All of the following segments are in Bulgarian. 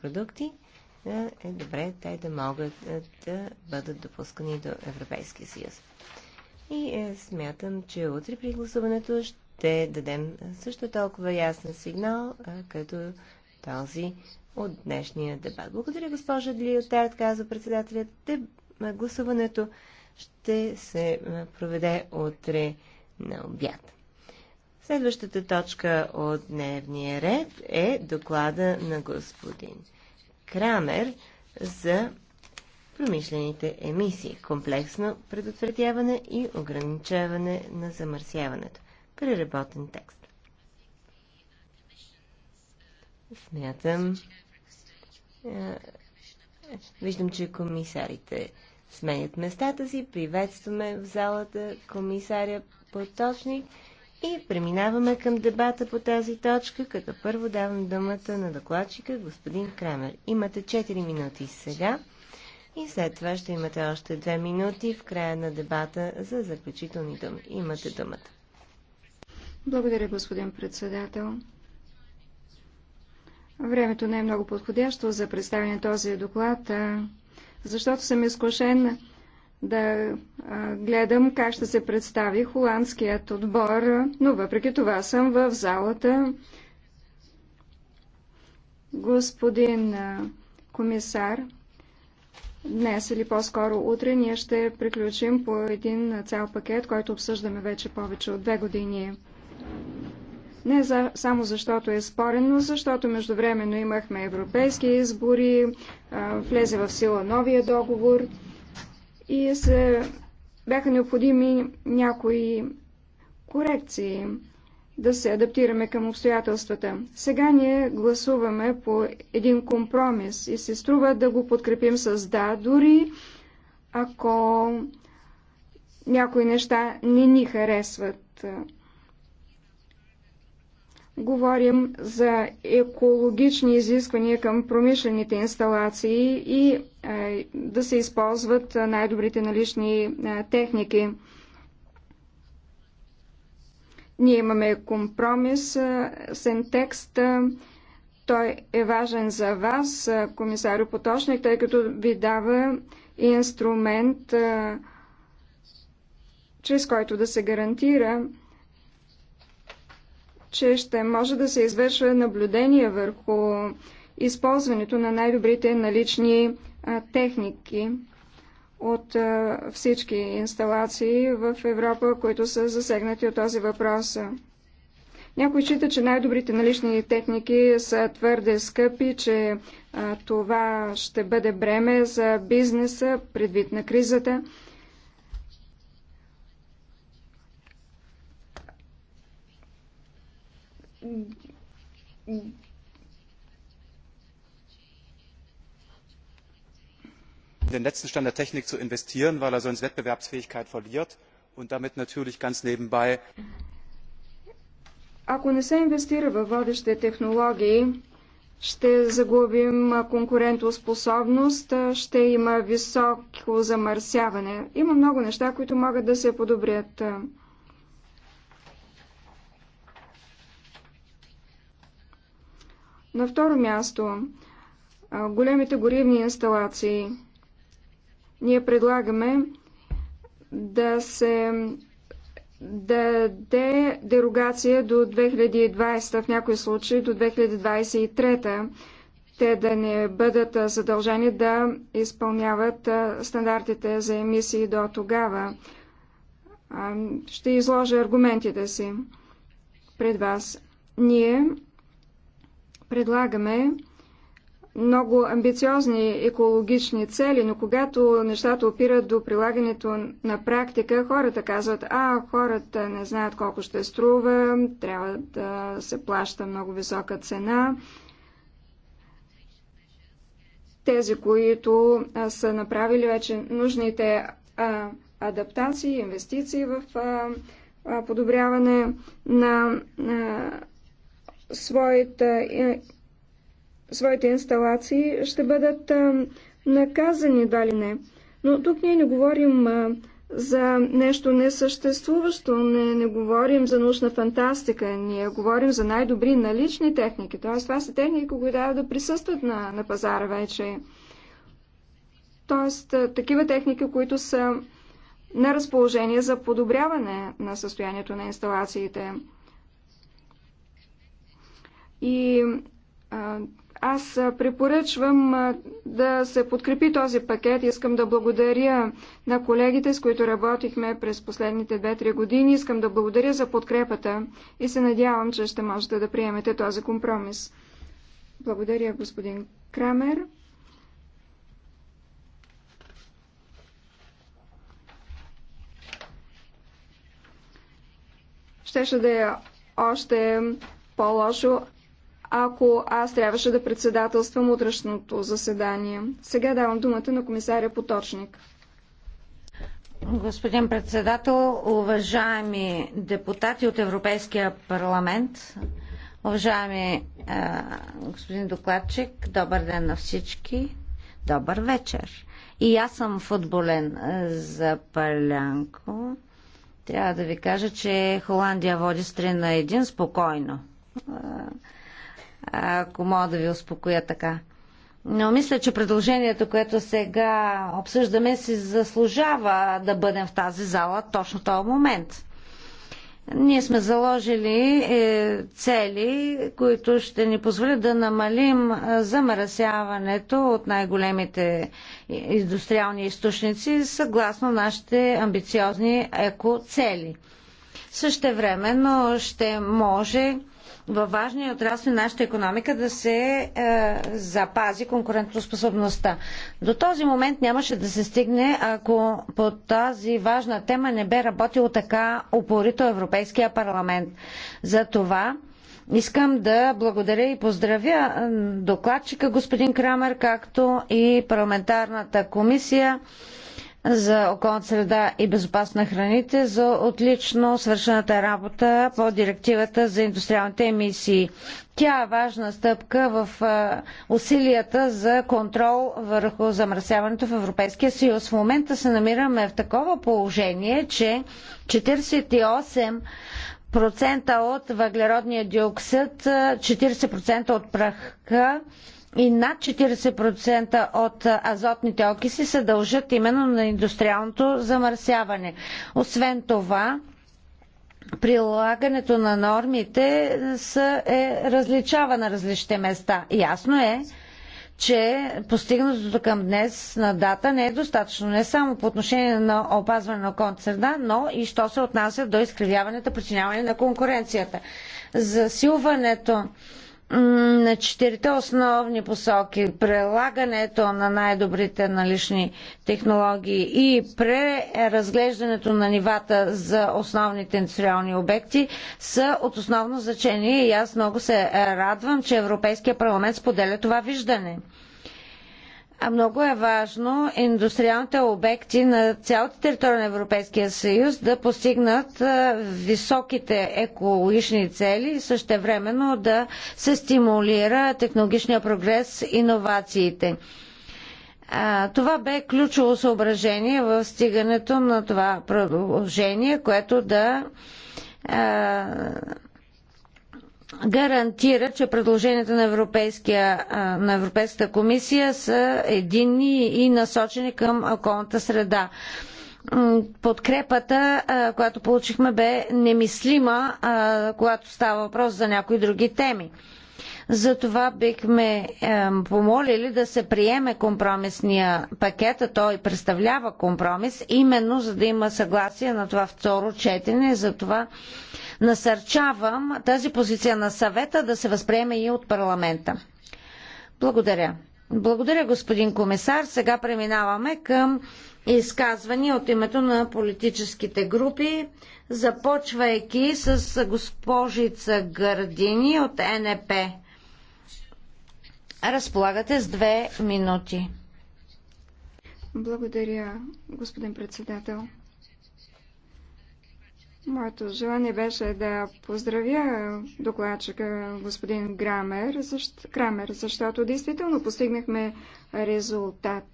продукти, е добре те да могат да бъдат допускани до Европейския съюз. И е, смятам, че утре при гласуването ще дадем също толкова ясен сигнал, като този от днешния дебат. Благодаря, госпожа Длиотард, казва председателят. Гласуването ще се проведе утре на обяд. Следващата точка от дневния ред е доклада на господин Крамер за промишлените емисии, комплексно предотвратяване и ограничаване на замърсяването. Преработен текст. Смятам. Е, виждам, че комисарите сменят местата си. Приветстваме в залата комисаря Поточник. И преминаваме към дебата по тази точка, като първо давам думата на докладчика господин Крамер. Имате 4 минути сега и след това ще имате още 2 минути в края на дебата за заключителни думи. Имате думата. Благодаря, господин председател. Времето не е много подходящо за представяне този доклад, защото съм изкушен да гледам как ще се представи холандският отбор, но въпреки това съм в залата. Господин комисар, днес или по-скоро утре ние ще приключим по един цял пакет, който обсъждаме вече повече от две години. Не за, само защото е спорен, но защото междувременно имахме европейски избори, влезе в сила новия договор и се бяха необходими някои корекции да се адаптираме към обстоятелствата. Сега ние гласуваме по един компромис и се струва да го подкрепим с да, дори ако някои неща не ни харесват. Говорим за екологични изисквания към промишлените инсталации и е, да се използват най-добрите налични е, техники. Ние имаме компромис, е, с текст. Той е важен за вас, комисар Поточник, тъй като ви дава инструмент, чрез който да се гарантира че ще може да се извършва наблюдение върху използването на най-добрите налични техники от всички инсталации в Европа, които са засегнати от този въпрос. Някой счита, че най-добрите налични техники са твърде скъпи, че а, това ще бъде бреме за бизнеса предвид на кризата. in den letzten stand der technik zu investieren weil er sonst wettbewerbsfähigkeit verliert und damit natürlich ganz nebenbei Ако не се инвестира във водещите технологии, ще загубим конкурентоспособност, ще има високо замърсяване. Има много неща, които могат да се подобрят. На второ място, големите горивни инсталации. Ние предлагаме да се даде дерогация до 2020, в някои случаи до 2023, те да не бъдат задължени да изпълняват стандартите за емисии до тогава. Ще изложа аргументите си пред вас. Ние предлагаме много амбициозни екологични цели, но когато нещата опират до прилагането на практика, хората казват, а хората не знаят колко ще струва, трябва да се плаща много висока цена. Тези, които са направили вече нужните адаптации, инвестиции в подобряване на своите, е, своите инсталации, ще бъдат е, наказани, дали не. Но тук ние не говорим е, за нещо несъществуващо, не, не говорим за научна фантастика, ние говорим за най-добри налични техники. Т.е. това са техники, които трябва да присъстват на, на пазара вече. Тоест, такива техники, които са на разположение за подобряване на състоянието на инсталациите. И аз препоръчвам да се подкрепи този пакет. Искам да благодаря на колегите, с които работихме през последните 2-3 години. Искам да благодаря за подкрепата и се надявам, че ще можете да приемете този компромис. Благодаря, господин Крамер. Щеше да е още по-лошо, ако аз трябваше да председателствам утрешното заседание. Сега давам думата на комисаря Поточник. Господин председател, уважаеми депутати от Европейския парламент, уважаеми е, господин докладчик, добър ден на всички, добър вечер. И аз съм футболен е, за Палянко. Трябва да ви кажа, че Холандия води с 3 на 1 спокойно. Е, ако мога да ви успокоя така. Но мисля, че предложението, което сега обсъждаме, си заслужава да бъдем в тази зала точно този момент. Ние сме заложили е, цели, които ще ни позволят да намалим е, замърсяването от най-големите индустриални източници, съгласно нашите амбициозни екоцели. но ще може във важни отрасли на нашата економика да се е, запази конкурентоспособността. До този момент нямаше да се стигне, ако по тази важна тема не бе работило така упорито Европейския парламент. За това Искам да благодаря и поздравя е, докладчика господин Крамер, както и парламентарната комисия за околната среда и безопасност на храните за отлично свършената работа по директивата за индустриалните емисии. Тя е важна стъпка в усилията за контрол върху замърсяването в Европейския съюз. В момента се намираме в такова положение, че 48 процента от въглеродния диоксид, 40% от праха и над 40% от азотните окиси се дължат именно на индустриалното замърсяване. Освен това, прилагането на нормите са, е, различава на различните места. Ясно е, че постигнатото към днес на дата не е достатъчно не само по отношение на опазване на концерна, но и що се отнася до изкривяването, причиняване на конкуренцията. Засилването на четирите основни посоки прелагането на най-добрите налични технологии и преразглеждането на нивата за основните индустриални обекти са от основно значение и аз много се радвам, че Европейския парламент споделя това виждане. Много е важно индустриалните обекти на цялата територия на Европейския съюз да постигнат високите екологични цели и същевременно да се стимулира технологичния прогрес, иновациите. Това бе ключово съображение в стигането на това продължение, което да гарантира, че предложенията на, на Европейската комисия са единни и насочени към околната среда подкрепата, която получихме, бе немислима, когато става въпрос за някои други теми. Затова бихме помолили да се приеме компромисния пакет, а той представлява компромис, именно за да има съгласие на това второ четене. Затова насърчавам тази позиция на съвета да се възприеме и от парламента. Благодаря. Благодаря, господин комисар. Сега преминаваме към изказвания от името на политическите групи, започвайки с госпожица Гърдини от НП. Разполагате с две минути. Благодаря, господин председател. Моето желание беше да поздравя докладчика господин Грамер, защ... Крамер, защото действително постигнахме резултат.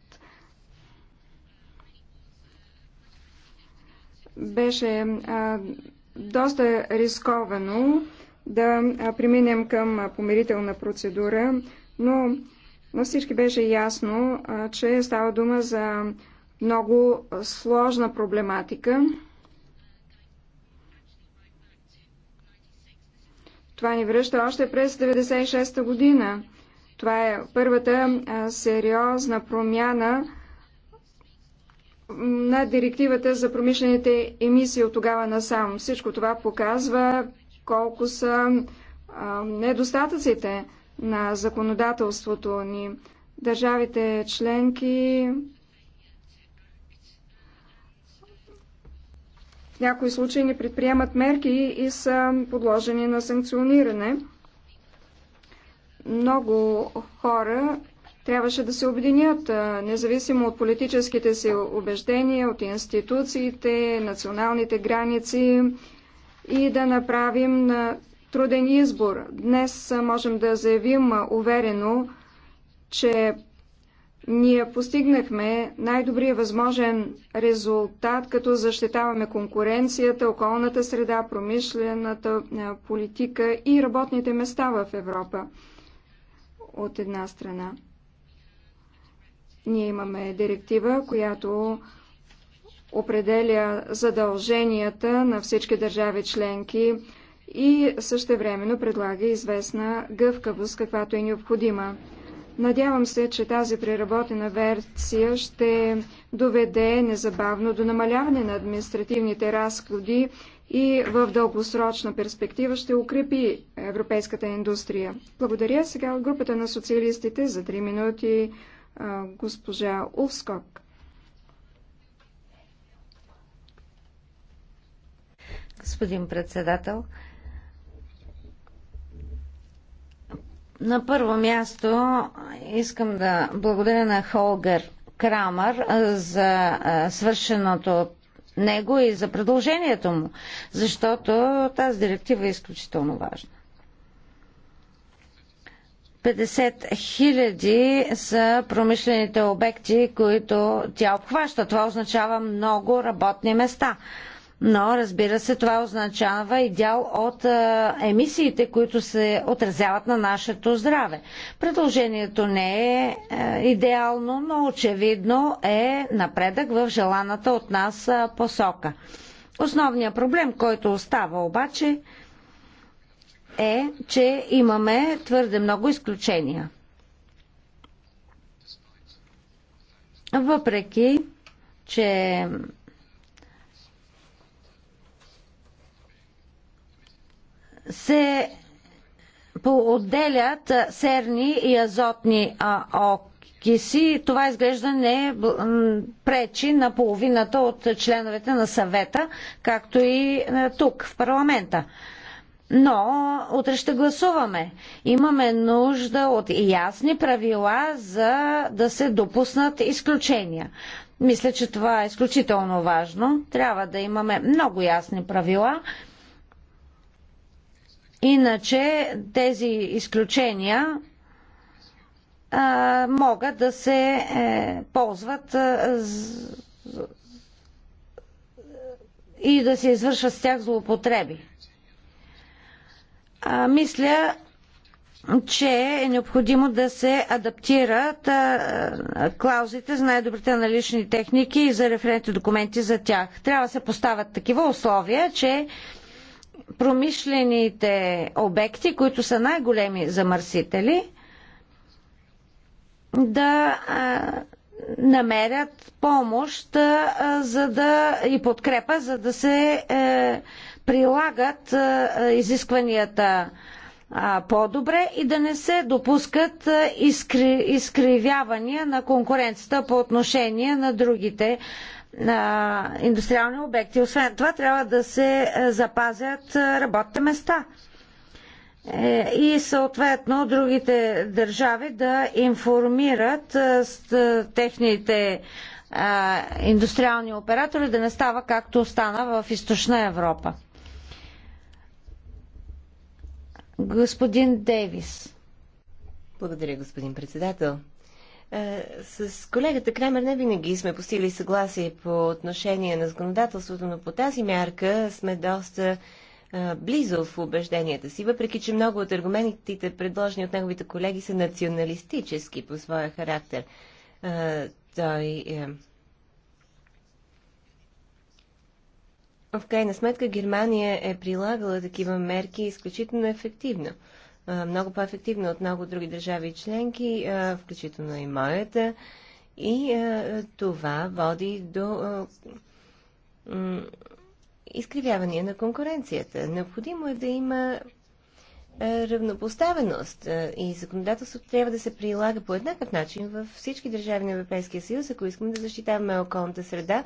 Беше а, доста рисковано да преминем към помирителна процедура, но на всички беше ясно, а, че става дума за много сложна проблематика. Това ни връща още през 1996 година. Това е първата сериозна промяна на директивата за промишлените емисии от тогава насам. Всичко това показва колко са недостатъците на законодателството ни. Държавите членки В някои случаи не предприемат мерки и са подложени на санкциониране. Много хора трябваше да се объединят, независимо от политическите си убеждения, от институциите, националните граници и да направим труден избор. Днес можем да заявим уверено, че ние постигнахме най-добрия възможен резултат, като защитаваме конкуренцията, околната среда, промишлената политика и работните места в Европа от една страна. Ние имаме директива, която определя задълженията на всички държави членки и също времено предлага известна гъвкавост, каквато е необходима. Надявам се, че тази преработена версия ще доведе незабавно до намаляване на административните разходи и в дългосрочна перспектива ще укрепи европейската индустрия. Благодаря сега от групата на социалистите за 3 минути госпожа Улскок. Господин председател, На първо място искам да благодаря на Холгер Крамър за свършеното от него и за продължението му, защото тази директива е изключително важна. 50 хиляди са промишлените обекти, които тя обхваща. Това означава много работни места но разбира се, това означава и дял от а, емисиите, които се отразяват на нашето здраве. Предложението не е а, е, идеално, но очевидно е напредък в желаната от нас а, посока. Основният проблем, който остава обаче, е, че имаме твърде много изключения. Въпреки, че се поотделят серни и азотни окиси. Това изглежда не пречи на половината от членовете на съвета, както и е, тук в парламента. Но утре ще гласуваме. Имаме нужда от ясни правила, за да се допуснат изключения. Мисля, че това е изключително важно. Трябва да имаме много ясни правила, Иначе тези изключения а, могат да се е, ползват а, з, и да се извършват с тях злоупотреби. А, мисля, че е необходимо да се адаптират а, клаузите за най-добрите налични техники и за референтни документи за тях. Трябва да се поставят такива условия, че а, промишлените обекти, които са най-големи замърсители, да намерят помощ за да, и подкрепа, за да се е, прилагат а, изискванията по-добре и да не се допускат изкри, изкривявания на конкуренцията по отношение на другите на индустриални обекти. Освен това, трябва да се е, запазят е, работните места е, и съответно другите държави да информират техните индустриални оператори да не става както стана в източна Европа. Господин Дейвис. Благодаря, господин председател. Е, с колегата Кремер не винаги сме постигли съгласие по отношение на законодателството, но по тази мярка сме доста е, близо в убежденията си, въпреки че много от аргументите, предложени от неговите колеги, са националистически по своя характер. Е, той В крайна сметка Германия е прилагала такива мерки изключително ефективно много по-ефективно от много други държави и членки, включително и моята. И това води до изкривявания на конкуренцията. Необходимо е да има равнопоставеност и законодателството трябва да се прилага по еднакъв начин във всички държави на Европейския съюз, ако искаме да защитаваме околната среда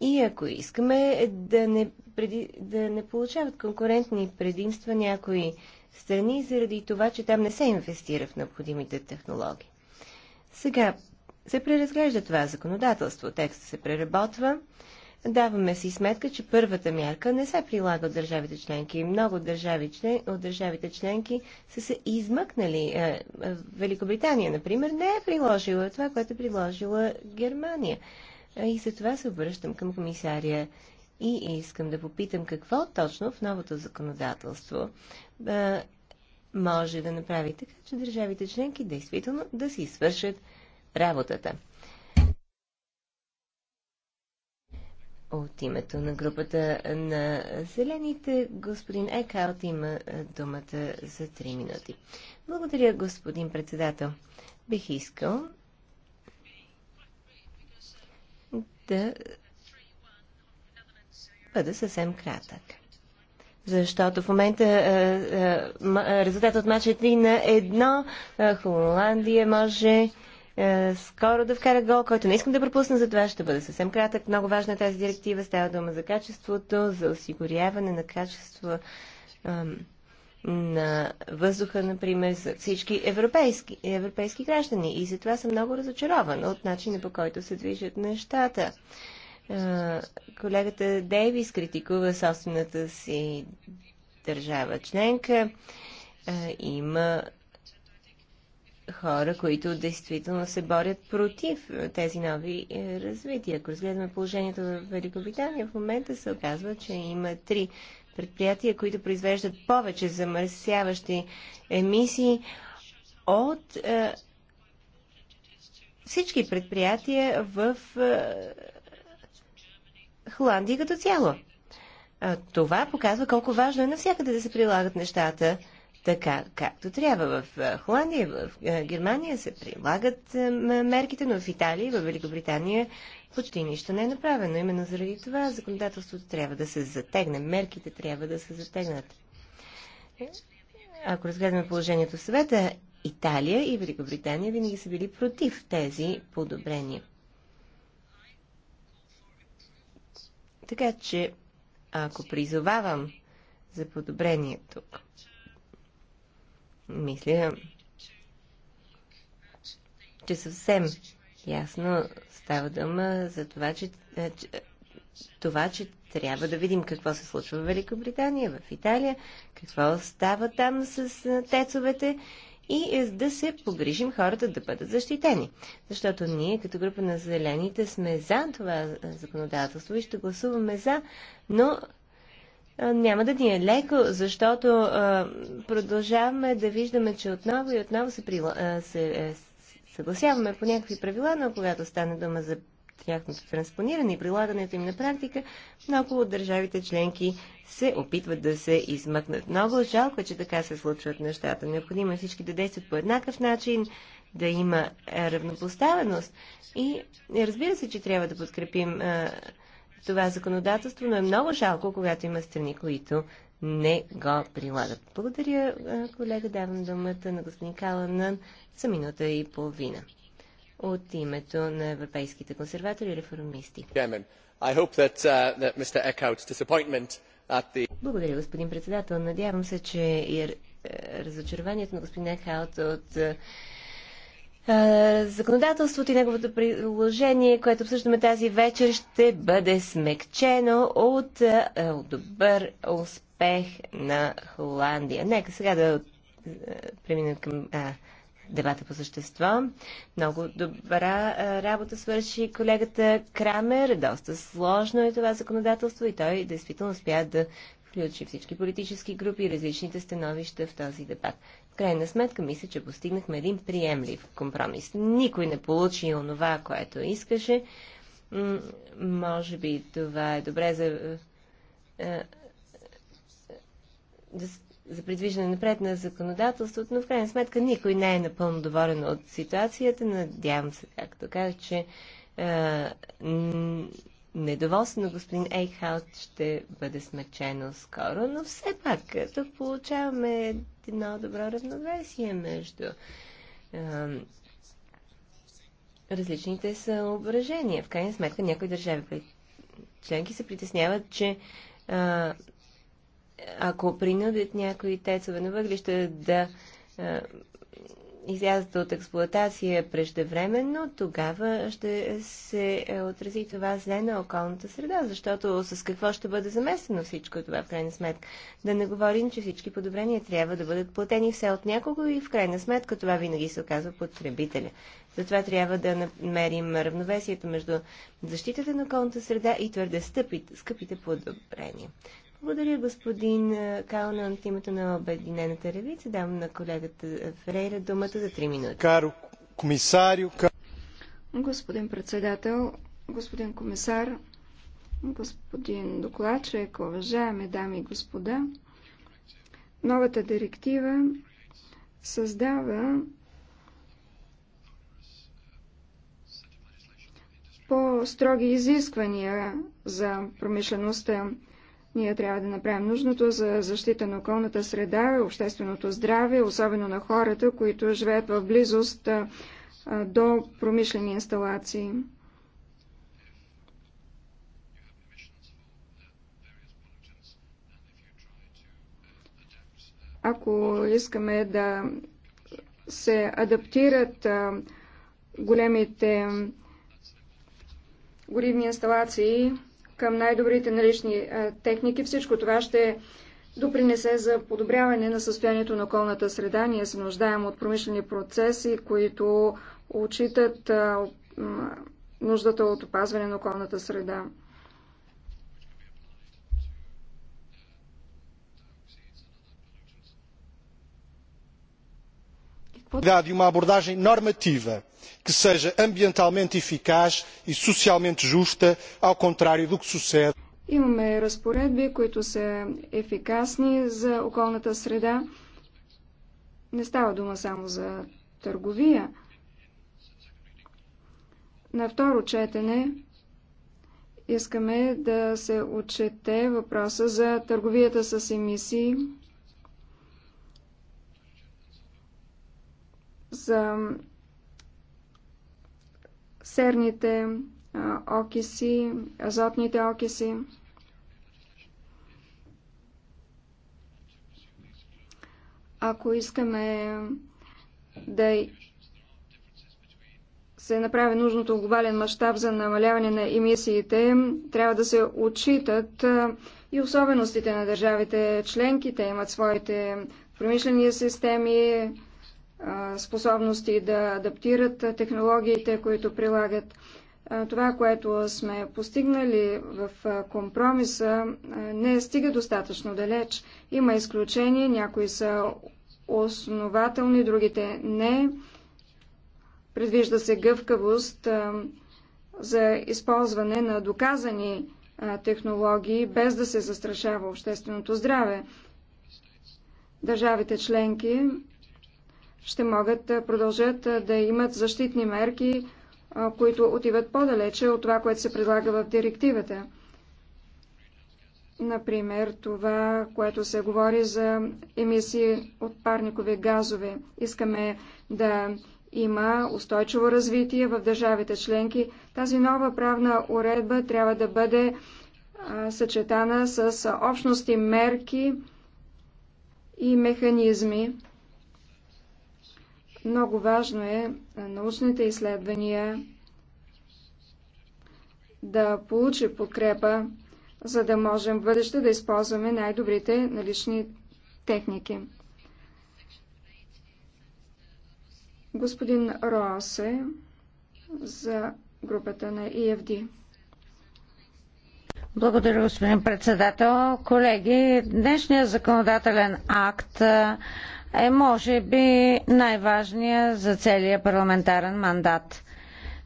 и ако искаме да не, преди, да не получават конкурентни предимства някои страни, заради това, че там не се инвестира в необходимите технологии. Сега се преразглежда това законодателство, текста се преработва. Даваме си сметка, че първата мярка не се прилага от държавите членки. Много държави член, от държавите членки са се измъкнали. Е, е, Великобритания, например, не е приложила това, което е приложила Германия. Е, и за това се обръщам към комисария и искам да попитам какво точно в новото законодателство а, е, може да направи така, че държавите членки действително да си свършат работата. От името на групата на зелените, господин Екарт има е, думата за 3 минути. Благодаря, господин председател. Бих искал да бъда съвсем кратък защото в момента е, е, е, резултат от мача е 3 на 1. Холандия може скоро да вкара гол, който не искам да пропусна, затова ще бъде съвсем кратък. Много важна е тази директива. Става дума за качеството, за осигуряване на качество на въздуха, например, за всички европейски, европейски граждани. И затова съм много разочарована от начина по който се движат нещата. Е, колегата Дейвис критикува собствената си държава членка. Е, има хора, които действително се борят против тези нови е, развития. Ако разгледаме положението в Великобритания, в момента се оказва, че има три предприятия, които произвеждат повече замърсяващи емисии от всички предприятия в Холандия като цяло. Това показва колко важно е навсякъде да се прилагат нещата така, както трябва. В Холандия, в Германия се прилагат мерките, но в Италия и в Великобритания почти нищо не е направено. Именно заради това законодателството трябва да се затегне, мерките трябва да се затегнат. Ако разгледаме положението в съвета, Италия и Великобритания винаги са били против тези подобрения. Така че, ако призовавам за подобрение тук, мисля, че съвсем ясно става дума за това, че, е, че е, това, че трябва да видим какво се случва в Великобритания, в Италия, какво става там с е, тецовете и е да се погрижим хората да бъдат защитени. Защото ние като група на зелените сме за това законодателство и ще гласуваме за, но няма да ни е леко, защото продължаваме да виждаме, че отново и отново се, се е, съгласяваме по някакви правила, но когато стане дума за тяхното транспониране и прилагането им на практика, много от държавите членки се опитват да се измъкнат. Много жалко, е, че така се случват нещата. Необходимо е всички да действат по еднакъв начин, да има е, равнопоставеност. И разбира се, че трябва да подкрепим а, е, това законодателство, но е много жалко, когато има страни, които не го прилагат. Благодаря, колега. Давам думата на господин Каланан за минута и половина от името на европейските консерватори и реформисти. Uh, Благодаря, господин председател. Надявам се, че и е, разочарованието на господин Екхаут от е, е, законодателството и неговото приложение, което обсъждаме тази вечер, ще бъде смекчено от, добър успех на Холандия. Нека сега да преминем към дебата по същество. Много добра работа свърши колегата Крамер. Доста сложно е това законодателство и той действително успя да включи всички политически групи и различните становища в този дебат. В крайна сметка, мисля, че постигнахме един приемлив компромис. Никой не получи онова, което искаше. М може би това е добре за за предвиждане напред на законодателството, но в крайна сметка никой не е напълно доволен от ситуацията. Надявам се, както казах, че е, недоволство на господин Ейхаут ще бъде смечено скоро, но все пак тук получаваме едно добро равновесие между е, различните съображения. В крайна сметка някои държави членки се притесняват, че е, ако принудят някои тецове на въглища да излязат от експлоатация преждевременно, тогава ще се е, отрази това зле на околната среда, защото с какво ще бъде заместено всичко това в крайна сметка. Да не говорим, че всички подобрения трябва да бъдат платени все от някого и в крайна сметка това винаги се оказва потребителя. Затова трябва да намерим равновесието между защитата на околната среда и твърде скъпите подобрения. Благодаря, господин Кална, от името на Обединената ревица. Давам на колегата Фрейра думата за 3 минути. Каро комисарио, Ка... Господин председател, господин комисар, господин докладчик, уважаеми дами и господа, новата директива създава по-строги изисквания за промишлеността. Ние трябва да направим нужното за защита на околната среда, общественото здраве, особено на хората, които живеят в близост до промишлени инсталации. Ако искаме да се адаптират големите горивни инсталации към най-добрите налични техники. Всичко това ще допринесе за подобряване на състоянието на околната среда. Ние се нуждаем от промишлени процеси, които отчитат нуждата от опазване на околната среда. de uma abordagem normativa que seja ambientalmente eficaz e socialmente justa ao contrário do que sucede Имаме разпоредби, които са ефикасни за околната среда. Не става дума само за търговия. На второ четене искаме да се отчете въпроса за търговията с емисии за серните окиси, азотните окиси. Ако искаме да се направи нужното глобален мащаб за намаляване на емисиите, трябва да се отчитат и особеностите на държавите членки. Те имат своите промишлени системи, способности да адаптират технологиите, които прилагат. Това, което сме постигнали в компромиса, не стига достатъчно далеч. Има изключения, някои са основателни, другите не. Предвижда се гъвкавост за използване на доказани технологии, без да се застрашава общественото здраве. Държавите членки ще могат да продължат да имат защитни мерки, които отиват по-далече от това, което се предлага в директивата. Например, това, което се говори за емисии от парникови газове. Искаме да има устойчиво развитие в държавите членки. Тази нова правна уредба трябва да бъде съчетана с общности мерки и механизми, много важно е научните изследвания да получи подкрепа, за да можем в бъдеще да използваме най-добрите налични техники. Господин Росе, за групата на ИФД. E Благодаря, господин председател. Колеги, днешният законодателен акт е може би най-важният за целия парламентарен мандат.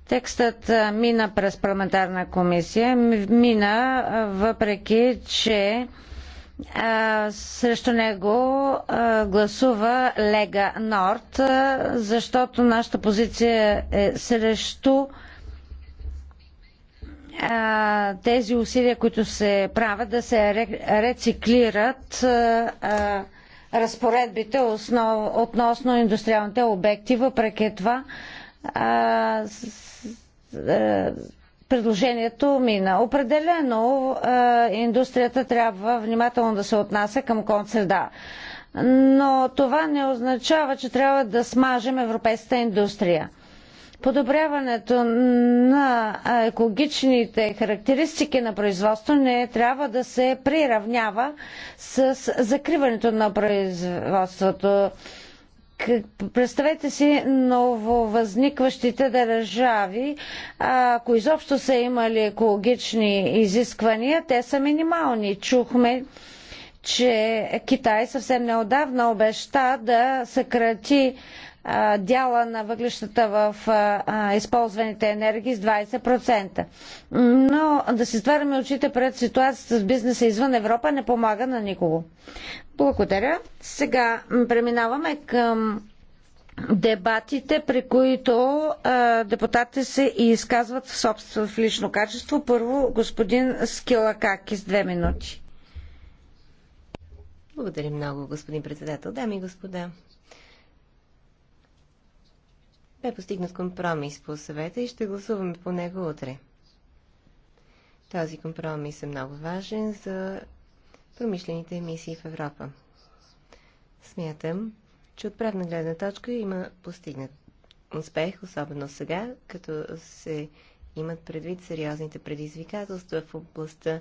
Текстът мина през парламентарна комисия, мина въпреки, че а, срещу него а, гласува Лега Норд, а, защото нашата позиция е срещу тези усилия, които се правят да се рециклират разпоредбите основ, относно индустриалните обекти. Въпреки това, а, с, а, предложението мина. Определено а, индустрията трябва внимателно да се отнася към концерда. Но това не означава, че трябва да смажем европейската индустрия. Подобряването на екологичните характеристики на производство не трябва да се приравнява с закриването на производството. Представете си нововъзникващите държави, ако изобщо са имали екологични изисквания, те са минимални. Чухме, че Китай съвсем неодавна обеща да съкрати дяла на въглищата в използваните енергии с 20%. Но да си стваряме очите пред ситуацията с бизнеса извън Европа не помага на никого. Благодаря. Сега преминаваме към дебатите, при които депутатите се изказват в собствено в лично качество. Първо, господин с две минути. Благодаря много, господин председател. Дами и господа, бе постигнат компромис по съвета и ще гласуваме по него утре. Този компромис е много важен за промишлените емисии в Европа. Смятам, че от правна гледна точка има постигнат успех, особено сега, като се имат предвид сериозните предизвикателства в областта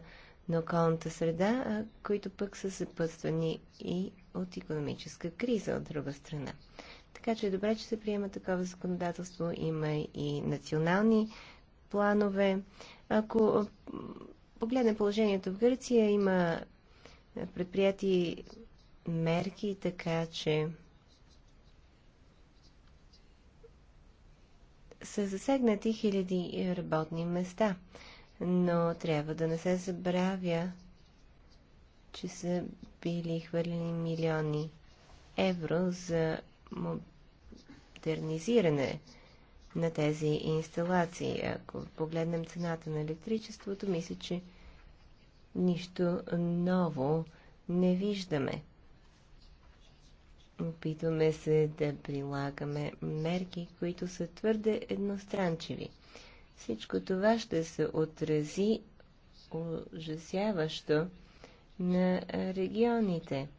на околната среда, които пък са съпътствани и от економическа криза от друга страна. Така че е добре, че се приема такова законодателство. Има и национални планове. Ако погледнем положението в Гърция, има предприяти мерки, така че са засегнати хиляди работни места. Но трябва да не се забравя, че са били хвърлени милиони евро за модернизиране на тези инсталации. Ако погледнем цената на електричеството, мисля, че нищо ново не виждаме. Опитваме се да прилагаме мерки, които са твърде едностранчиви. Всичко това ще се отрази ужасяващо на регионите –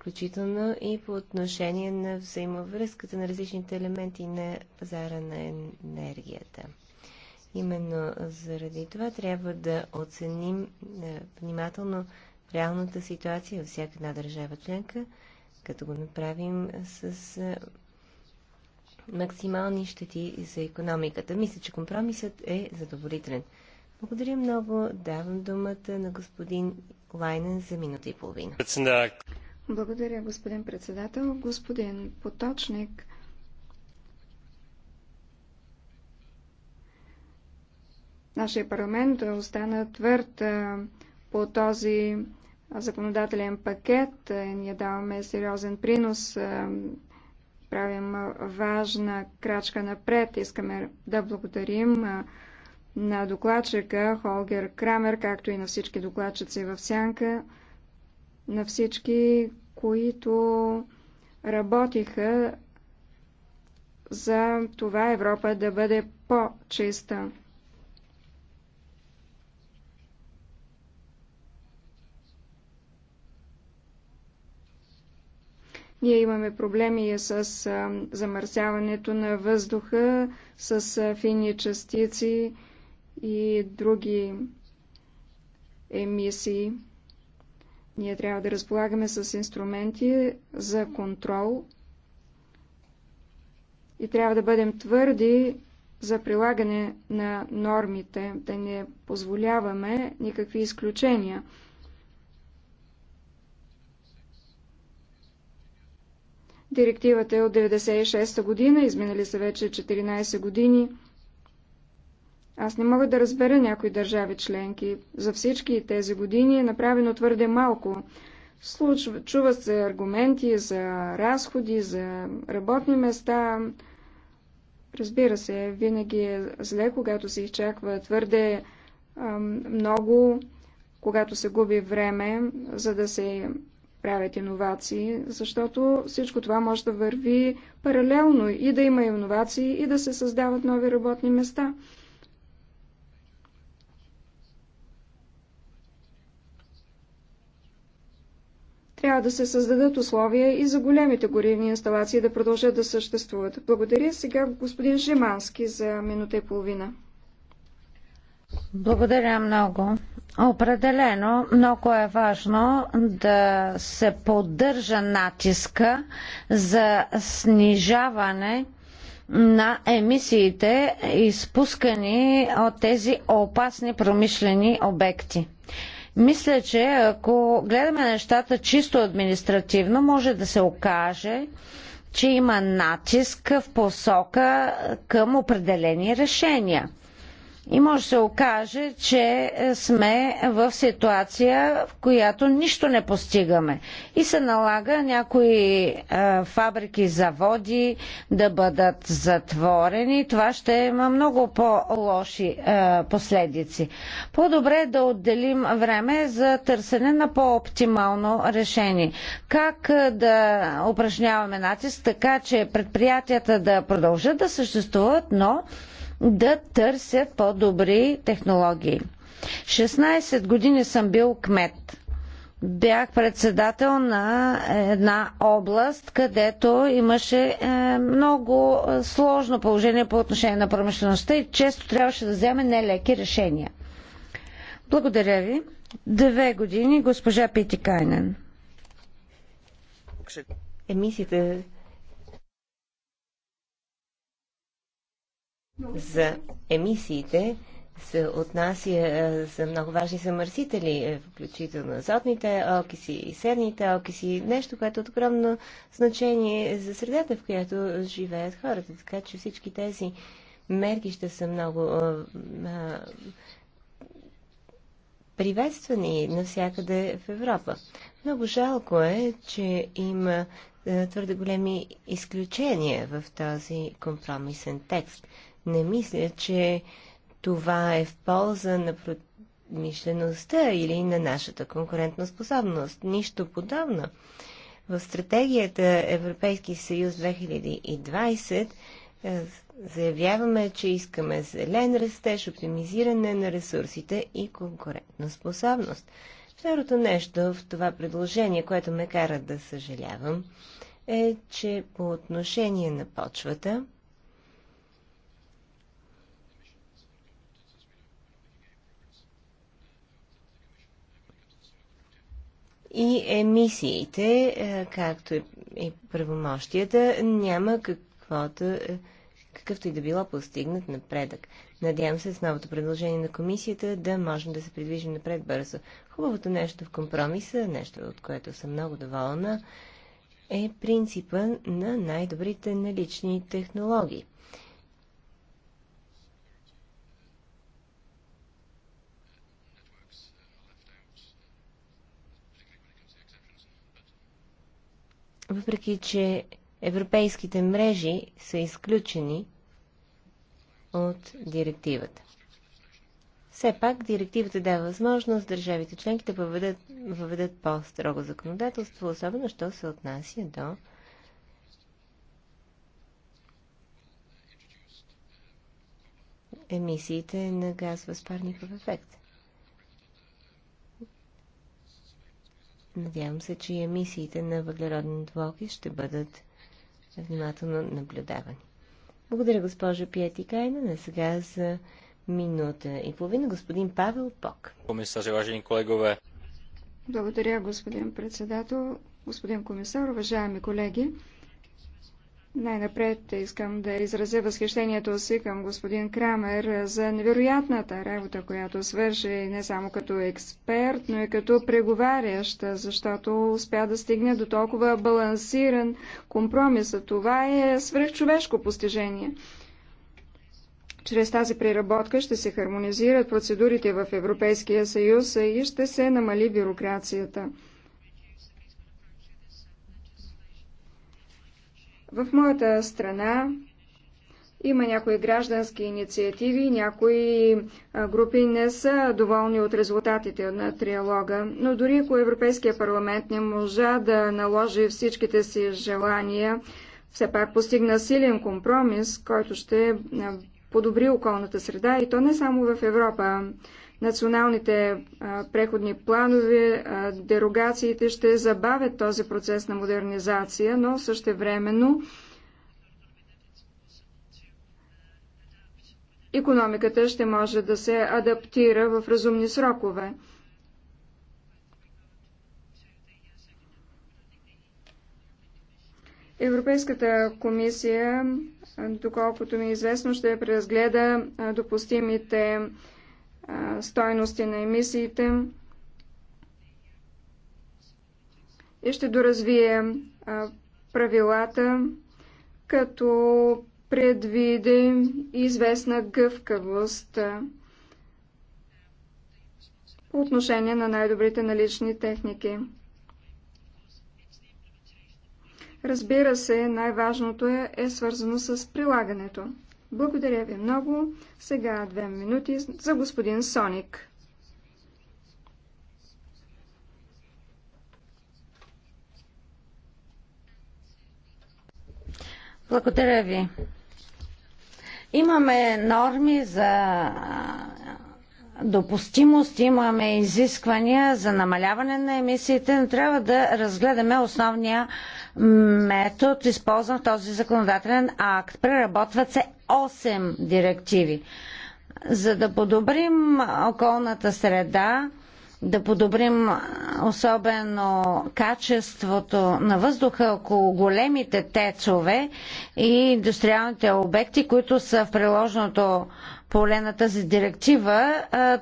включително и по отношение на взаимовръзката на различните елементи на пазара на енергията. Именно заради това трябва да оценим е, внимателно реалната ситуация във всяка една държава членка, като го направим с е, максимални щети за економиката. Мисля, че компромисът е задоволителен. Благодаря много. Давам думата на господин Лайнен за минута и половина. Благодаря, господин председател. Господин Поточник, нашия парламент остана твърд по този законодателен пакет. Ние даваме сериозен принос, правим важна крачка напред. Искаме да благодарим на докладчика Холгер Крамер, както и на всички докладчици в Сянка на всички, които работиха за това Европа да бъде по-чиста. Ние имаме проблеми с замърсяването на въздуха, с фини частици и други емисии. Ние трябва да разполагаме с инструменти за контрол и трябва да бъдем твърди за прилагане на нормите, да не позволяваме никакви изключения. Директивата е от 1996 година, изминали са вече 14 години. Аз не мога да разбера някои държави членки. За всички тези години е направено твърде малко. Случва, чуват се аргументи за разходи, за работни места. Разбира се, винаги е зле, когато се изчаква твърде ам, много, когато се губи време, за да се правят иновации, защото всичко това може да върви паралелно и да има иновации, и да се създават нови работни места. Трябва да се създадат условия и за големите горивни инсталации да продължат да съществуват. Благодаря сега господин Шимански за минута и половина. Благодаря много. Определено много е важно да се поддържа натиска за снижаване на емисиите, изпускани от тези опасни промишлени обекти. Мисля, че ако гледаме нещата чисто административно, може да се окаже, че има натиск в посока към определени решения – и може да се окаже, че е, сме в ситуация, в която нищо не постигаме. И се налага някои е, фабрики, заводи да бъдат затворени. Това ще има много по-лоши е, последици. По-добре е да отделим време за търсене на по-оптимално решение. Как да упражняваме натиск така, че предприятията да продължат да съществуват, но да търсят по-добри технологии. 16 години съм бил кмет. Бях председател на една област, където имаше е, много сложно положение по отношение на промишлеността и често трябваше да вземе нелеки решения. Благодаря ви. Две години госпожа Пити Кайнен. Емисиите. за емисиите се отнася е, за много важни замърсители, е, включително азотните окиси и серните окиси, нещо, което е от огромно значение за средата, в която живеят хората. Така че всички тези мерки ще са много а, е, а, приветствани навсякъде в Европа. Много жалко е, че има а, твърде големи изключения в този компромисен текст. Не мисля, че това е в полза на промишлеността или на нашата конкурентна способност. Нищо подобно. В стратегията Европейски съюз 2020 е, заявяваме, че искаме зелен растеж, оптимизиране на ресурсите и конкурентна способност. Второто нещо в това предложение, което ме кара да съжалявам, е, че по отношение на почвата, и емисиите, е, както и правомощията, няма каквото, е, какъвто и да било постигнат напредък. Надявам се с новото предложение на комисията да можем да се придвижим напред бързо. Хубавото нещо в компромиса, нещо от което съм много доволна, е принципа на най-добрите налични технологии – въпреки че европейските мрежи са изключени от директивата. Все пак директивата дава възможност държавите членки да въведат, въведат по-строго законодателство, особено що се отнася до емисиите на газ възпарников ефект. Надявам се, че и емисиите на въглероден двуокис ще бъдат внимателно наблюдавани. Благодаря, госпожо Пиети Кайна. на сега за минута и половина господин Павел Пок. Комисар, уважени колегове. Благодаря, господин председател, господин комисар, уважаеми колеги. Най-напред искам да изразя възхищението си към господин Крамер за невероятната работа, която свърши не само като експерт, но и като преговаряща, защото успя да стигне до толкова балансиран компромис. това е свръхчовешко постижение. Чрез тази преработка ще се хармонизират процедурите в Европейския съюз и ще се намали бюрокрацията. В моята страна има някои граждански инициативи, някои групи не са доволни от резултатите на триалога, но дори ако Европейския парламент не можа да наложи всичките си желания, все пак постигна силен компромис, който ще подобри околната среда и то не само в Европа националните преходни планове, дерогациите ще забавят този процес на модернизация, но също времено економиката ще може да се адаптира в разумни срокове. Европейската комисия, доколкото ми е известно, ще преразгледа допустимите стойности на емисиите и ще доразвием правилата, като предвиди известна гъвкавост по отношение на най-добрите налични техники. Разбира се, най-важното е, е свързано с прилагането. Благодаря ви много. Сега две минути за господин Соник. Благодаря ви. Имаме норми за допустимост, имаме изисквания за намаляване на емисиите, но трябва да разгледаме основния метод, използван в този законодателен акт. Преработват се 8 директиви. За да подобрим околната среда, да подобрим особено качеството на въздуха около големите тецове и индустриалните обекти, които са в приложеното поле на тази директива,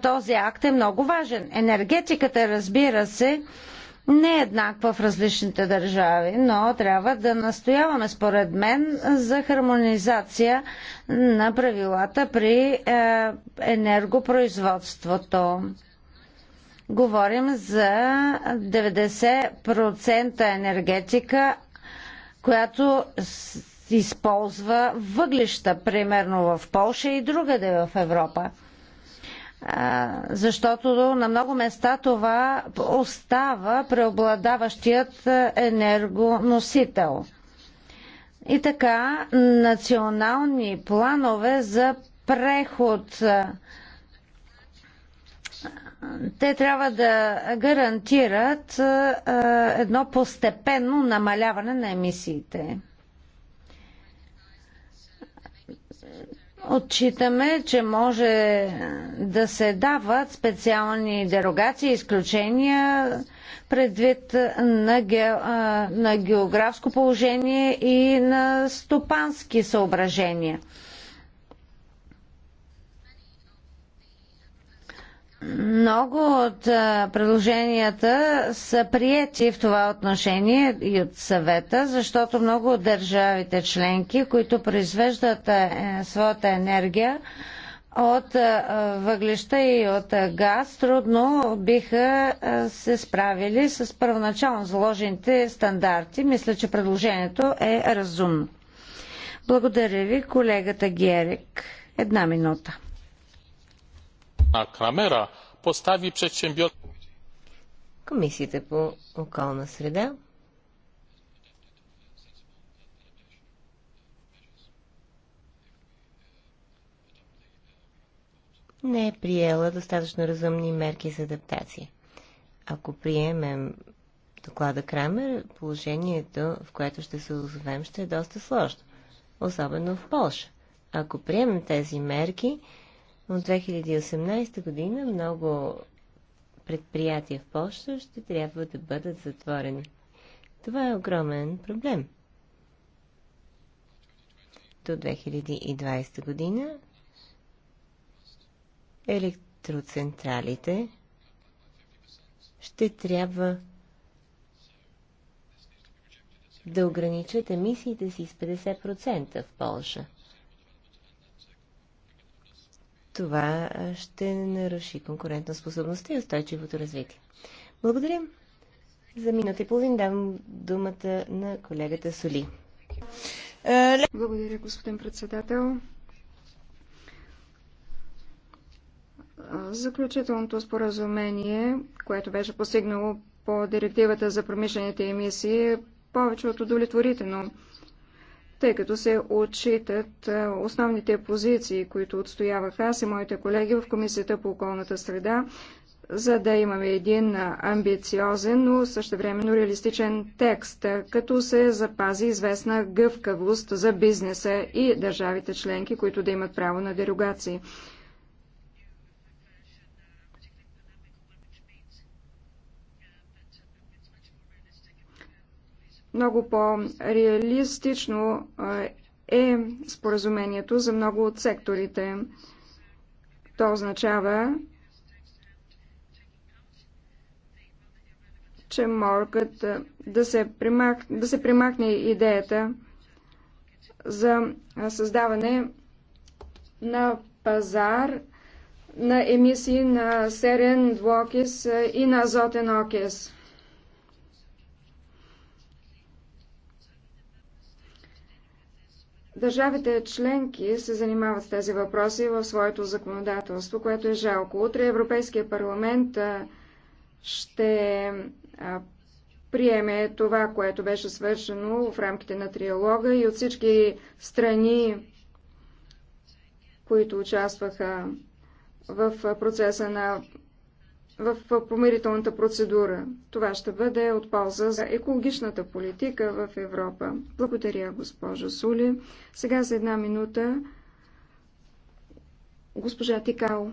този акт е много важен. Енергетиката, разбира се, не е еднаква в различните държави, но трябва да настояваме, според мен, за хармонизация на правилата при е, енергопроизводството. Говорим за 90% енергетика, която използва въглища, примерно в Польша и другаде в Европа защото на много места това остава преобладаващият енергоносител. И така, национални планове за преход те трябва да гарантират едно постепенно намаляване на емисиите. Отчитаме, че може да се дават специални дерогации, изключения предвид на, ге, на географско положение и на стопански съображения. Много от предложенията са приети в това отношение и от съвета, защото много от държавите членки, които произвеждат е, своята енергия от въглища и от газ, трудно биха се справили с първоначално заложените стандарти. Мисля, че предложението е разумно. Благодаря ви, колегата Герик. Една минута. Крамера постави предприемачи. Комисията по околна среда не е приела достатъчно разумни мерки за адаптация. Ако приемем доклада Крамер, положението, в което ще се озовем, ще е доста сложно. Особено в Польша. Ако приемем тези мерки, от 2018 година много предприятия в Польша ще трябва да бъдат затворени. Това е огромен проблем. До 2020 година електроцентралите ще трябва да ограничат емисиите си с 50% в Польша това ще наруши конкурентна способността и устойчивото развитие. Благодаря. За минута и половин давам думата на колегата Соли. Благодаря, господин председател. Заключителното споразумение, което беше постигнало по директивата за промишлените емисии, е повече от удовлетворително тъй като се отчитат основните позиции, които отстоявах аз и моите колеги в Комисията по околната среда, за да имаме един амбициозен, но същевременно реалистичен текст, като се запази известна гъвкавост за бизнеса и държавите членки, които да имат право на дерогации. Много по-реалистично е споразумението за много от секторите. То означава, че могат да се, примах, да се примахне идеята за създаване на пазар на емисии на серен двуокис и на азотен окис. Държавите членки се занимават с тези въпроси в своето законодателство, което е жалко. Утре Европейския парламент ще приеме това, което беше свършено в рамките на триалога и от всички страни, които участваха в процеса на в помирителната процедура. Това ще бъде от полза за екологичната политика в Европа. Благодаря, госпожа Сули. Сега за една минута госпожа Тикао.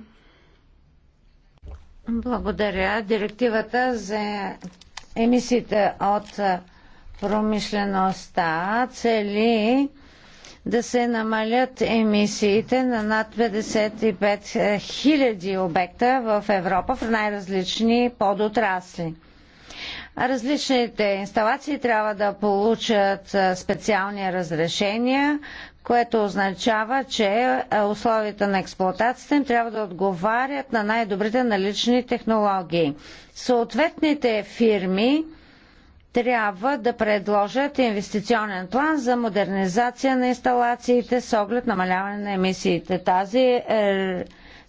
Благодаря. Директивата за емисиите от промишлеността цели да се намалят емисиите на над 55 000 обекта в Европа в най-различни подотрасли. Различните инсталации трябва да получат специални разрешения, което означава, че условията на експлоатацията им трябва да отговарят на най-добрите налични технологии. Съответните фирми трябва да предложат инвестиционен план за модернизация на инсталациите с оглед намаляване на емисиите. Тази е,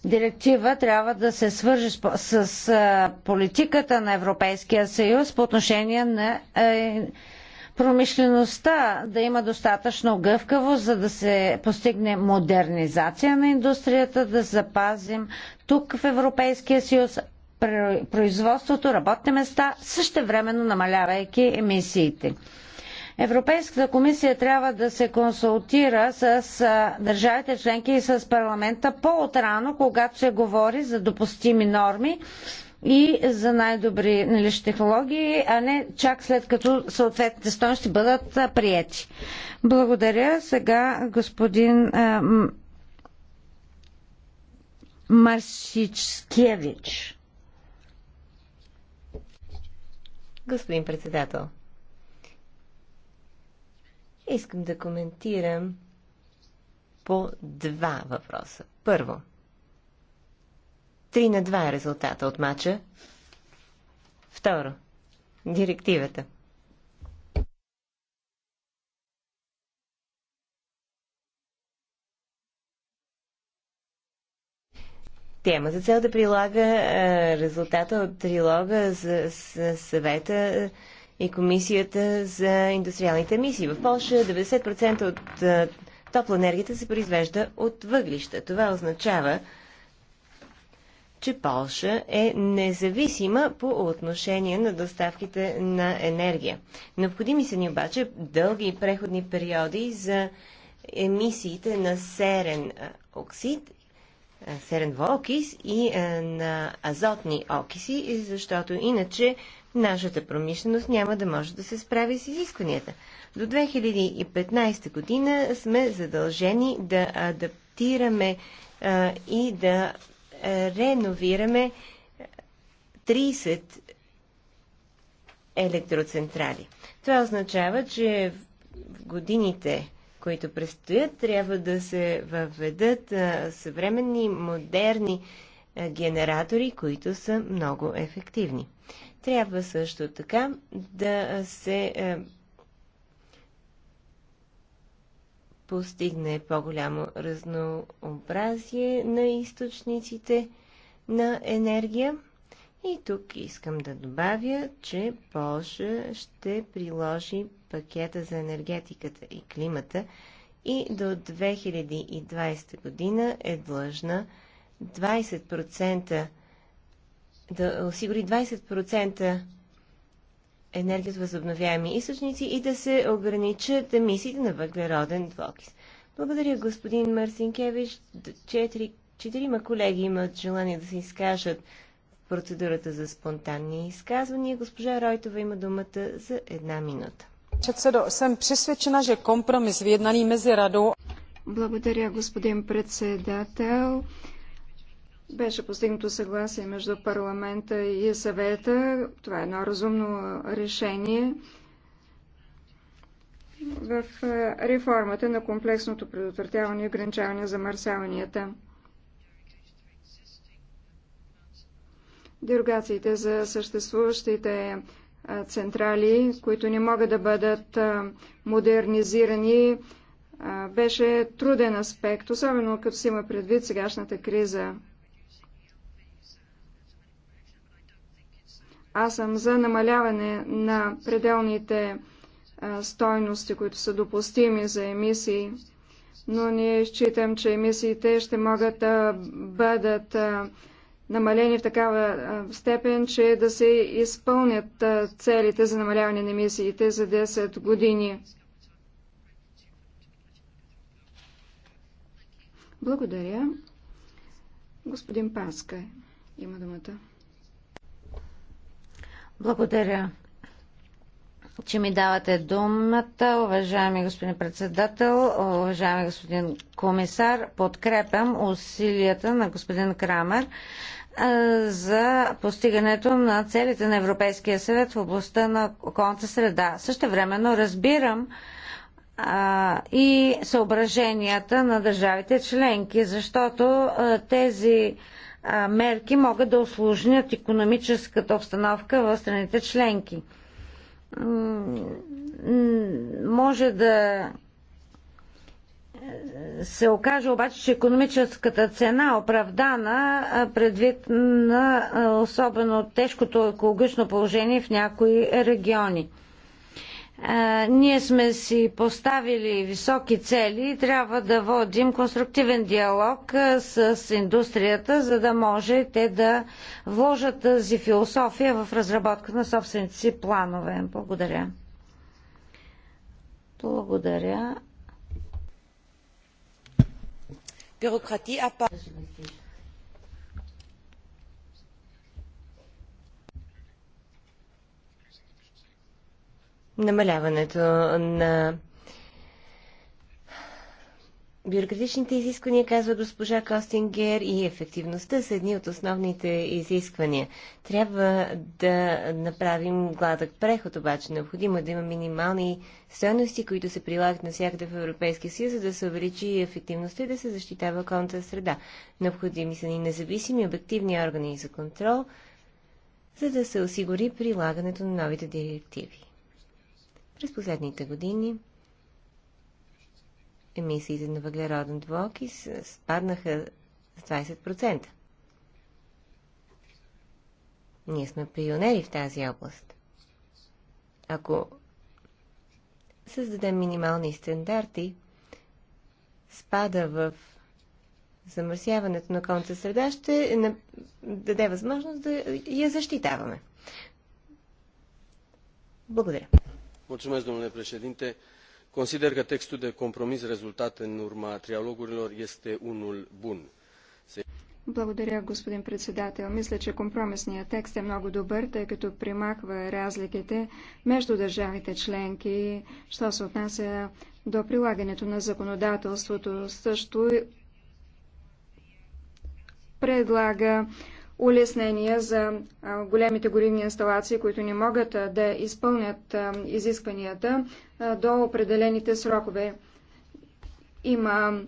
директива трябва да се свържи с, с, с политиката на Европейския съюз по отношение на е, промишлеността, да има достатъчно гъвкаво, за да се постигне модернизация на индустрията, да запазим тук в Европейския съюз производството, работни места, същевременно намалявайки емисиите. Европейската комисия трябва да се консултира с държавите членки и с парламента по-отрано, когато се говори за допустими норми и за най-добри нали, технологии, а не чак след като съответните стоености бъдат приети. Благодаря. Сега господин Марсичкевич. Господин председател, искам да коментирам по два въпроса. Първо, 3 на 2 е резултата от мача. Второ, директивата. Тема за цел да прилага е, резултата от трилога за, с съвета е, и комисията за индустриалните емисии. В Польша 90% от е, топлоенергията се произвежда от въглища. Това означава, че Полша е независима по отношение на доставките на енергия. Необходими са ни обаче дълги преходни периоди за емисиите на серен оксид е, серен и е, на азотни окиси, защото иначе нашата промишленост няма да може да се справи с изискванията. До 2015 година сме задължени да адаптираме е, и да реновираме 30 електроцентрали. Това означава, че в годините които предстоят, трябва да се въведат съвременни, модерни генератори, които са много ефективни. Трябва също така да се постигне по-голямо разнообразие на източниците на енергия. И тук искам да добавя, че Польша ще приложи пакета за енергетиката и климата и до 2020 година е длъжна 20% да осигури 20% енергия от възобновяеми източници и да се ограничат емисиите на въглероден двокис. Благодаря, господин Марсинкевич. Четири, четирима колеги имат желание да се изкажат процедурата за спонтанни изказвания. Госпожа Ройтова има думата за една минута. Předsedo, jsem přesvědčena, Благодаря, господин председател. Беше постигнато съгласие между парламента и съвета. Това е едно разумно решение в реформата на комплексното предотвратяване и ограничаване замърсяванията. дерогациите за съществуващите централи, които не могат да бъдат модернизирани, беше труден аспект, особено като си има предвид сегашната криза. Аз съм за намаляване на пределните стойности, които са допустими за емисии, но не считам, че емисиите ще могат да бъдат намалени в такава степен, че да се изпълнят целите за намаляване на емисиите за 10 години. Благодаря. Господин Паска има думата. Благодаря че ми давате думата, уважаеми господин председател, уважаеми господин комисар. Подкрепям усилията на господин Крамер за постигането на целите на Европейския съвет в областта на околната среда. Също времено разбирам а, и съображенията на държавите членки, защото а, тези а, мерки могат да осложнят економическата обстановка в страните членки може да се окаже обаче, че економическата цена е оправдана предвид на особено тежкото екологично положение в някои региони ние сме си поставили високи цели и трябва да водим конструктивен диалог с индустрията, за да може те да вложат тази философия в разработка на собствените си планове. Благодаря. Благодаря. Бюрократия намаляването на бюрократичните изисквания, казва госпожа Костингер, и ефективността са едни от основните изисквания. Трябва да направим гладък преход, обаче необходимо е да има минимални стоености, които се прилагат навсякъде в Европейския съюз, за да се увеличи ефективността и да се защитава околната среда. Необходими са ни независими обективни органи за контрол, за да се осигури прилагането на новите директиви. През последните години емисиите на въглероден двуокис спаднаха с 20%. Ние сме пионери в тази област. Ако създадем минимални стандарти, спада в замърсяването на конца среда ще даде възможност да я защитаваме. Благодаря consider că textul de compromis rezultat în urma trialogurilor este unul bun. Благодаря, господин председател. Мисля, че компромисният текст е много добър, тъй като примахва разликите между държавите членки, що се отнася до прилагането на законодателството. Също предлага улеснения за големите горивни инсталации, които не могат да изпълнят изискванията до определените срокове. Има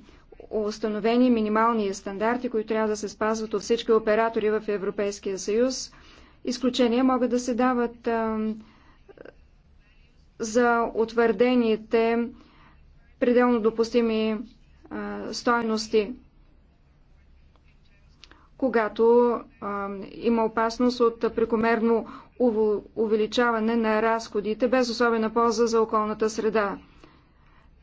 установени минимални стандарти, които трябва да се спазват от всички оператори в Европейския съюз. Изключения могат да се дават за утвърдените пределно допустими стойности когато а, има опасност от прекомерно увеличаване на разходите, без особена полза за околната среда.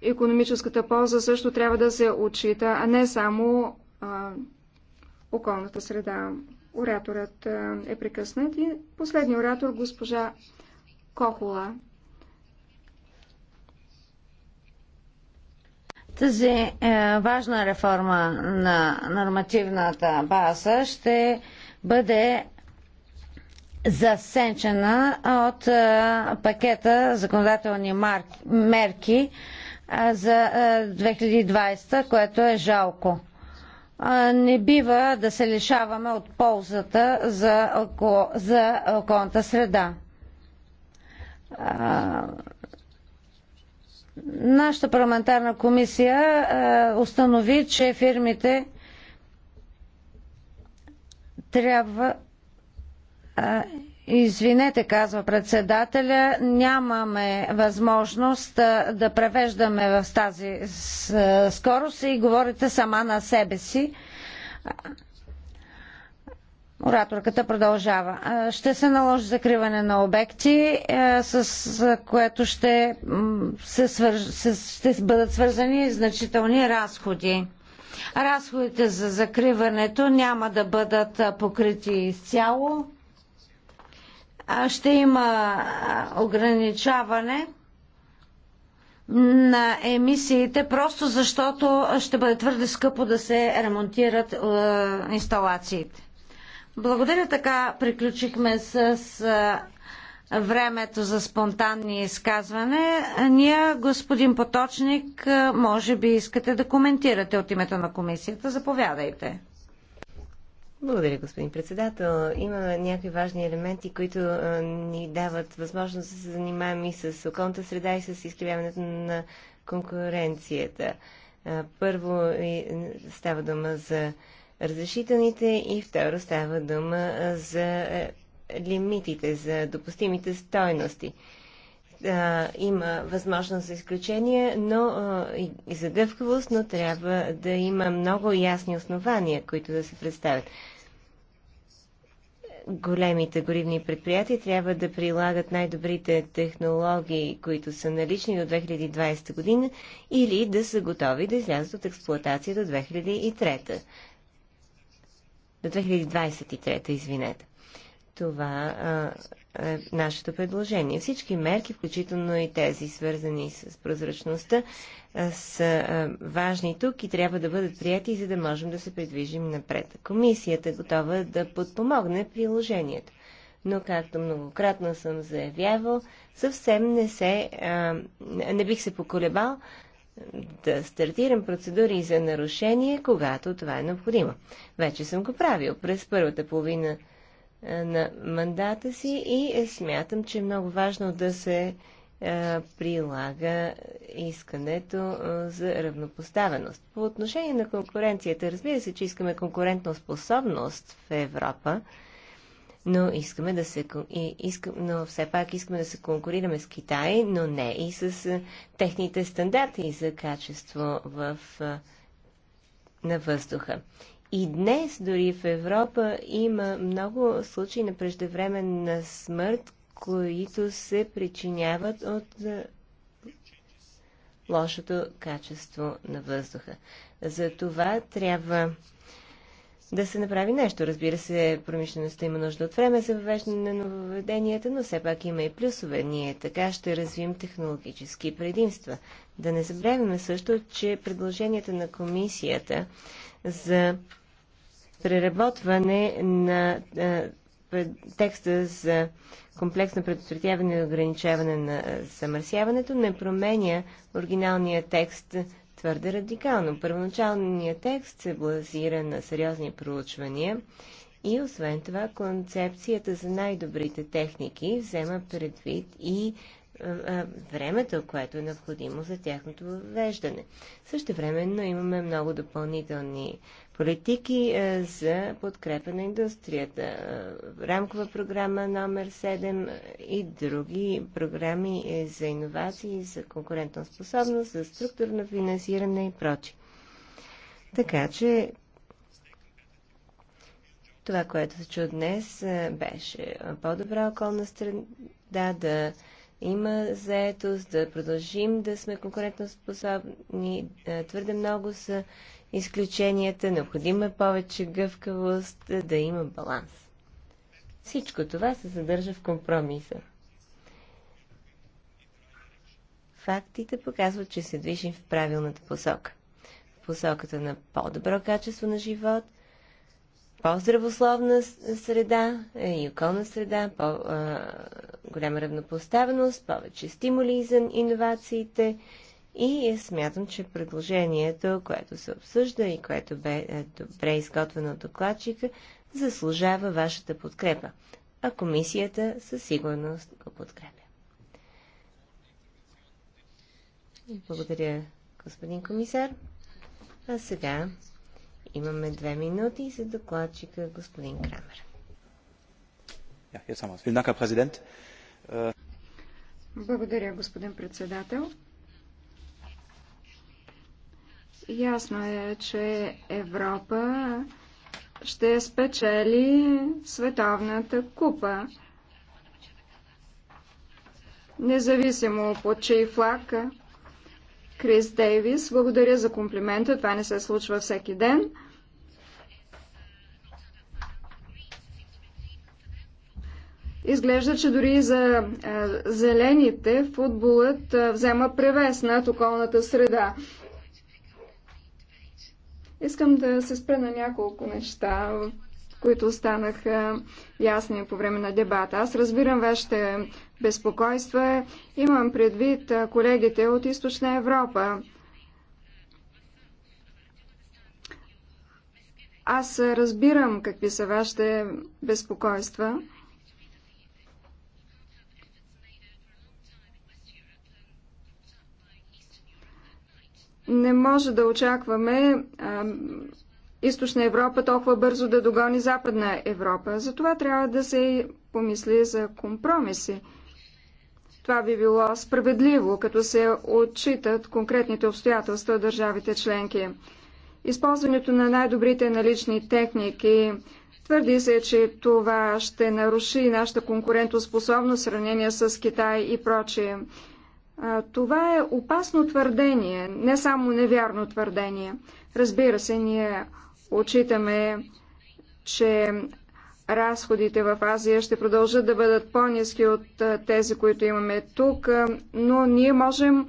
Економическата полза също трябва да се отчита, а не само а, околната среда. Ораторът е прекъснат и последният оратор госпожа Кохола. Тази е, важна реформа на нормативната база ще бъде засенчена от е, пакета законодателни марки, мерки е, за 2020, е, което е жалко. Е, не бива да се лишаваме от ползата за, око, за околната среда е, Нашата парламентарна комисия е, установи, че фирмите трябва. А, е, Извинете, казва председателя, нямаме възможност е, да превеждаме в тази скорост и говорите сама на себе си. Ораторката продължава. Ще се наложи закриване на обекти, е, с което ще, се свърж... ще бъдат свързани значителни разходи. Разходите за закриването няма да бъдат покрити изцяло. Ще има ограничаване на емисиите, просто защото ще бъде твърде скъпо да се ремонтират е, инсталациите. Благодаря така. Приключихме с времето за спонтанни изказване. Ние, господин Поточник, може би искате да коментирате от името на комисията. Заповядайте. Благодаря, господин председател. Има някои важни елементи, които а, ни дават възможност да се занимаваме и с околната среда и с изкривяването на конкуренцията. А, първо и, става дума за разрешителните и второ става дума за е, лимитите, за допустимите стойности. има възможност за изключение, но и за гъвкавост, но трябва да има много ясни основания, които да се представят. Големите горивни предприятия трябва да прилагат най-добрите технологии, които са налични до 2020 година или да са готови да излязат от експлуатация до 2003 до 2023, извинете. Това а, е нашето предложение. Всички мерки, включително и тези, свързани с прозрачността, са важни тук и трябва да бъдат прияти, за да можем да се придвижим напред. Комисията е готова да подпомогне приложението. Но, както многократно съм заявявал, съвсем не, се, а, не бих се поколебал да стартирам процедури за нарушение, когато това е необходимо. Вече съм го правил през първата половина е, на мандата си и е, смятам, че е много важно да се е, прилага искането за равнопоставеност. По отношение на конкуренцията, разбира се, че искаме конкурентна способност в Европа, но искаме да се... Иска, но все пак искаме да се конкурираме с Китай, но не и с техните стандарти за качество в, на въздуха. И днес дори в Европа има много случаи на преждевременна смърт, които се причиняват от лошото качество на въздуха. За това трябва да се направи нещо. Разбира се, промишлеността има нужда от време за въвеждане на нововведенията, но все пак има и плюсове. Ние така ще развием технологически предимства. Да не забравяме също, че предложенията на комисията за преработване на текста за комплексно предотвратяване и ограничаване на замърсяването не променя оригиналния текст твърде радикално. Първоначалният текст се базира на сериозни проучвания и освен това концепцията за най-добрите техники взема предвид и времето, което е необходимо за тяхното въвеждане. Също времено имаме много допълнителни политики е, за подкрепа на индустрията, е, рамкова програма номер 7 е, и други програми за иновации, за конкурентна способност, за структурно финансиране и прочи. Така че това, което се чу днес, беше по-добра околна среда, да има заетост, да продължим да сме конкурентоспособни. Твърде много са изключенията, необходима е повече гъвкавост, е, да има баланс. Всичко това се съдържа в компромиса. Фактите показват, че се движим в правилната посока. В посоката на по-добро качество на живот, по-здравословна среда е, и околна среда, по-голяма равнопоставеност, повече стимули за иновациите, и смятам, че предложението, което се обсъжда и което бе е, добре изготвено от докладчика, заслужава вашата подкрепа, а комисията със сигурност го подкрепя. Благодаря, господин комисар. А сега имаме две минути за докладчика господин Крамер. Äh, Благодаря, господин председател. Ясно е, че Европа ще спечели световната купа. Независимо по чий флаг, Крис Дейвис, благодаря за комплимента. Това не се случва всеки ден. Изглежда, че дори за е, зелените футболът е, взема превес над околната среда. Искам да се спра на няколко неща, които станаха ясни по време на дебата. Аз разбирам вашите безпокойства. Имам предвид колегите от Източна Европа. Аз разбирам какви са вашите безпокойства. не може да очакваме а, източна Европа толкова бързо да догони западна Европа. Затова трябва да се помисли за компромиси. Това би било справедливо, като се отчитат конкретните обстоятелства от държавите членки. Използването на най-добрите налични техники твърди се, че това ще наруши нашата конкурентоспособност в сравнение с Китай и прочие. Това е опасно твърдение, не само невярно твърдение. Разбира се, ние отчитаме, че разходите в Азия ще продължат да бъдат по-низки от тези, които имаме тук, но ние можем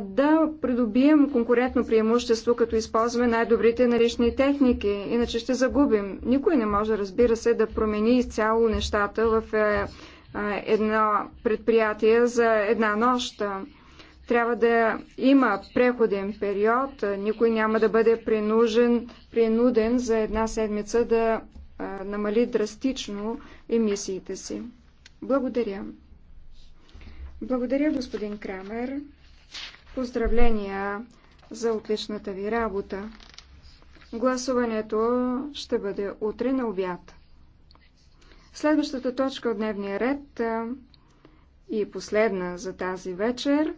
да придобием конкурентно преимущество, като използваме най-добрите налични техники, иначе ще загубим. Никой не може, разбира се, да промени изцяло нещата в е, едно предприятие за една нощ. Трябва да има преходен период, никой няма да бъде принужен, принуден за една седмица да намали драстично емисиите си. Благодаря. Благодаря, господин Крамер. Поздравления за отличната ви работа. Гласуването ще бъде утре на обяд. Следващата точка от дневния ред и последна за тази вечер